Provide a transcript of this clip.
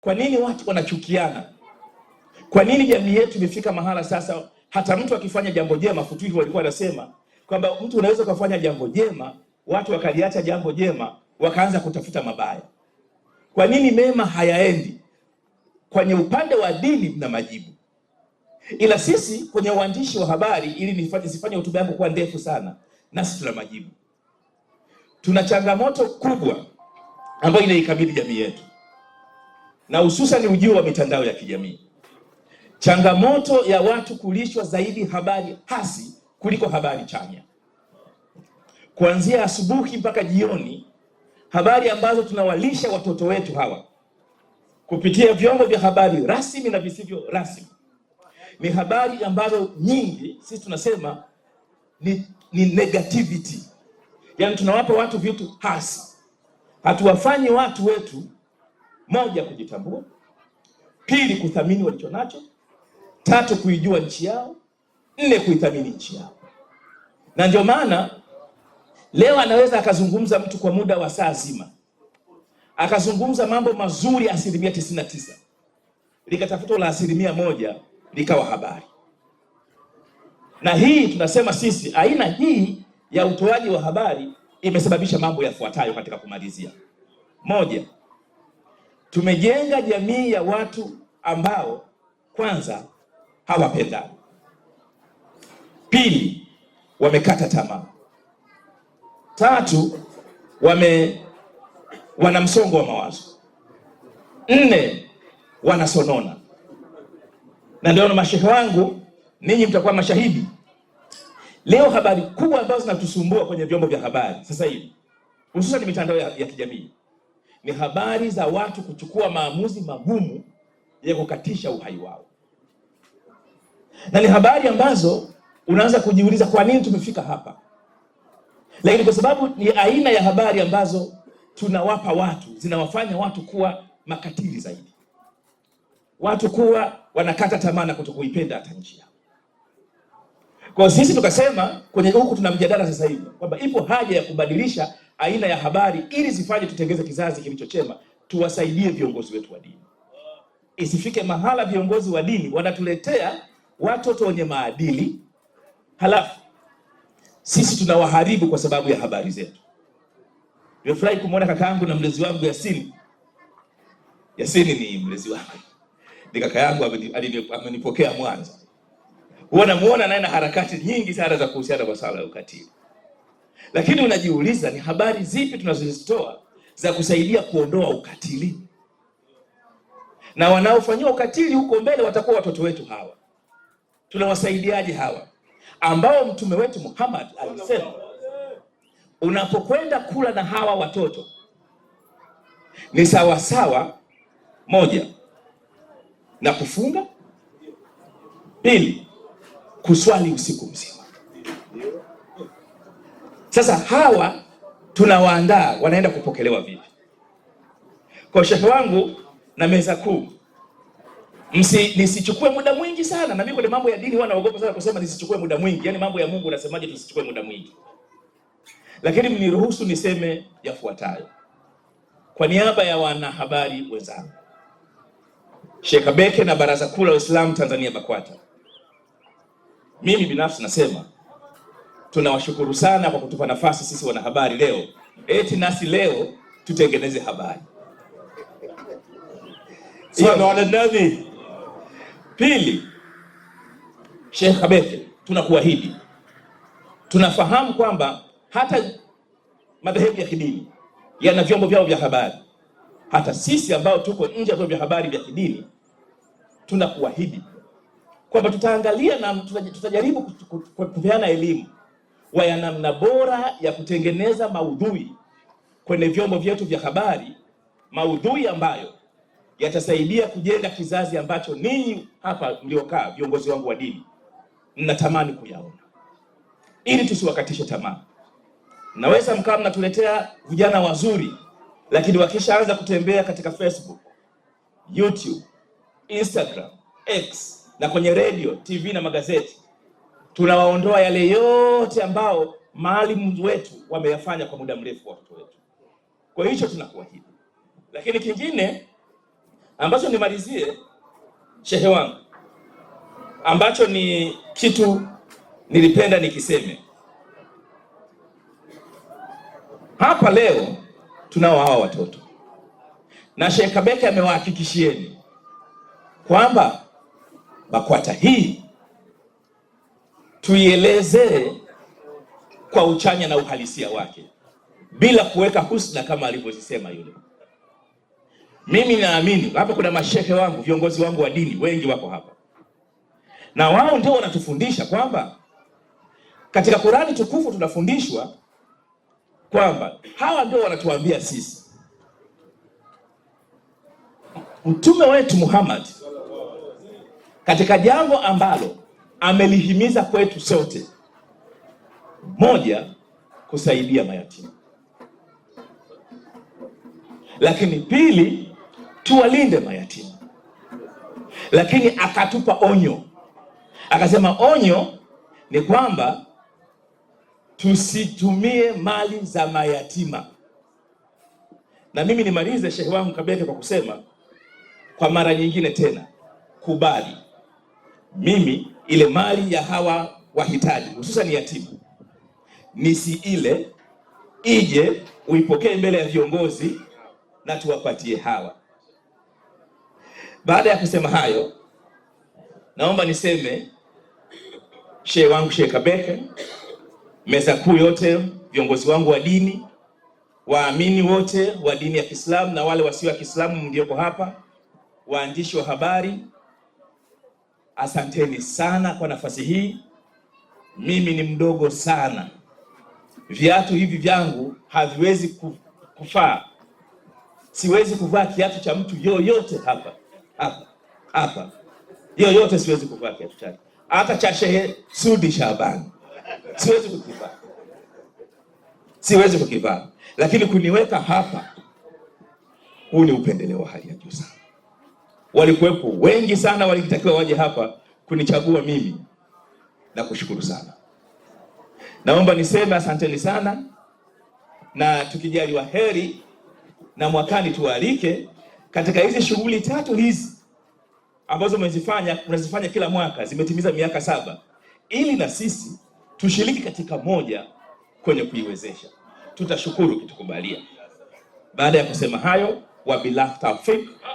Kwa nini watu wanachukiana? Kwa nini jamii yetu imefika mahala sasa hata mtu akifanya jambo jema, Futuhi walikuwa anasema kwamba mtu unaweza ukafanya jambo jema, watu wakaliacha jambo jema, wakaanza kutafuta mabaya. Kwa nini mema hayaendi? Kwenye upande wa dini mna majibu, ila sisi kwenye uandishi wa habari, ili nifanye sifanye hotuba yangu kuwa ndefu sana, nasi tuna majibu. Tuna changamoto kubwa ambayo inaikabili jamii yetu na hususan ujio wa mitandao ya kijamii. Changamoto ya watu kulishwa zaidi habari hasi kuliko habari chanya. Kuanzia asubuhi mpaka jioni, habari ambazo tunawalisha watoto wetu hawa kupitia vyombo vya habari rasmi na visivyo rasmi ni habari ambazo nyingi sisi tunasema ni, ni negativity, yaani tunawapa watu vitu hasi, hatuwafanyi watu wetu moja, kujitambua; pili, kuthamini walichonacho; tatu, kuijua nchi yao; nne, kuithamini nchi yao. Na ndio maana leo anaweza akazungumza mtu kwa muda wa saa zima akazungumza mambo mazuri asilimia tisini na tisa likatafuta la asilimia moja likawa habari. Na hii tunasema sisi, aina hii ya utoaji wa habari imesababisha mambo yafuatayo katika kumalizia: moja, Tumejenga jamii ya watu ambao kwanza hawapendani, pili wamekata tamaa, tatu wame wana msongo wa mawazo, nne wanasonona. Na ndio mashehe wangu, ninyi mtakuwa mashahidi leo. Habari kubwa ambazo zinatusumbua kwenye vyombo vya habari sasa hivi, hususan mitandao ya, ya kijamii ni habari za watu kuchukua maamuzi magumu ya kukatisha uhai wao, na ni habari ambazo unaanza kujiuliza kwa nini tumefika hapa, lakini kwa sababu ni aina ya habari ambazo tunawapa watu, zinawafanya watu kuwa makatili zaidi, watu kuwa wanakata tamaa na kutokuipenda hata nchi yao. Kwa sisi tukasema kwenye huku tuna mjadala sasa hivi kwamba ipo haja ya kubadilisha aina ya habari ili zifanye tutengeze kizazi kilichochema. Tuwasaidie viongozi wetu wa dini, isifike mahala viongozi wa dini wanatuletea watoto wenye maadili, halafu sisi tunawaharibu kwa sababu ya habari zetu. Nimefurahi kumwona kaka yangu na mlezi wangu Yasini. Yasini ni mlezi wangu, ni kaka yangu, amenipokea Mwanza. Huwa namuona naye na harakati nyingi sana za kuhusiana na masuala ya ukatili. Lakini unajiuliza ni habari zipi tunazozitoa za kusaidia kuondoa ukatili, na wanaofanyiwa ukatili huko mbele watakuwa watoto wetu hawa. Tunawasaidiaje hawa ambao mtume wetu Muhammad alisema unapokwenda kula na hawa watoto ni sawasawa, moja na kufunga, pili kuswali usiku mzima. Sasa hawa tunawaandaa wanaenda kupokelewa vipi? Kwa shehe wangu na meza kuu, msi nisichukue muda mwingi sana. Na mimi kwenye mambo ya dini huwa naogopa sana kusema nisichukue muda mwingi, yaani mambo ya Mungu unasemaje tusichukue muda mwingi? Lakini mniruhusu niseme yafuatayo kwa niaba ya wanahabari wenzangu, Sheikh Kabeke na Baraza Kuu la Uislamu Tanzania BAKWATA, mimi binafsi nasema tunawashukuru sana kwa kutupa nafasi sisi wanahabari leo, eti nasi leo tutengeneze habari swala nani. Pili, Sheikh Kabeke, tunakuahidi tunafahamu kwamba hata madhehebu ya kidini yana vyombo vyao vya habari. Hata sisi ambao tuko nje ya vyombo vya habari vya kidini tunakuahidi kwamba tutaangalia na tutajaribu kupeana elimu wa ya namna bora ya kutengeneza maudhui kwenye vyombo vyetu vya habari, maudhui ambayo yatasaidia kujenga kizazi ambacho ninyi hapa mliokaa viongozi wangu wa dini mnatamani kuyaona, ili tusiwakatishe tamaa. Naweza mkawa mnatuletea vijana wazuri, lakini wakishaanza kutembea katika Facebook, YouTube, Instagram, X na kwenye radio, TV na magazeti tunawaondoa yale yote ambao maalimu wetu wameyafanya kwa muda mrefu watoto wetu. Kwa hicho tunakuahidi. Lakini kingine ambacho nimalizie, shehe wangu, ambacho ni kitu nilipenda nikiseme hapa leo, tunao hawa watoto na Sheikh Kabeke amewahakikishieni kwamba BAKWATA hii tuielezee kwa uchanya na uhalisia wake bila kuweka husna kama alivyozisema yule. Mimi naamini hapa kuna mashehe wangu, viongozi wangu wa dini wengi wako hapa, na wao ndio wanatufundisha kwamba katika Qur'ani tukufu tunafundishwa kwamba hawa ndio wanatuambia sisi, mtume wetu Muhammad katika jambo ambalo amelihimiza kwetu sote, moja, kusaidia mayatima, lakini pili, tuwalinde mayatima, lakini akatupa onyo, akasema onyo ni kwamba tusitumie mali za mayatima. Na mimi nimalize shehe wangu Kabeke kwa kusema kwa mara nyingine tena, kubali mimi ile mali ya hawa wahitaji, hususan yatima, ile ije uipokee mbele ya viongozi na tuwapatie hawa. Baada ya kusema hayo, naomba niseme shehe wangu Shehe Kabeke, meza kuu yote, viongozi wangu wa dini, waamini wote wa dini ya Kiislamu na wale wasio wa Kiislamu mlioko hapa, waandishi wa habari asanteni sana kwa nafasi hii. Mimi ni mdogo sana, viatu hivi vyangu haviwezi kufaa, siwezi kuvaa kiatu cha mtu yoyote hapa hapa hapa, yoyote siwezi kuvaa kiatu chake, hata cha Shehe Sudi Shabani siwezi kukivaa, siwezi kukivaa. Lakini kuniweka hapa, huu ni upendeleo wa hali ya juu sana walikuwepo wengi sana, walitakiwa waje hapa kunichagua mimi. na kushukuru sana, naomba niseme asanteni sana, na tukijaliwa heri na mwakani tuwaalike katika hizi shughuli tatu hizi ambazo mmezifanya mnazifanya kila mwaka, zimetimiza miaka saba, ili na sisi tushiriki katika moja kwenye kuiwezesha. Tutashukuru kitukubalia. Baada ya kusema hayo, wabillahi tawfik.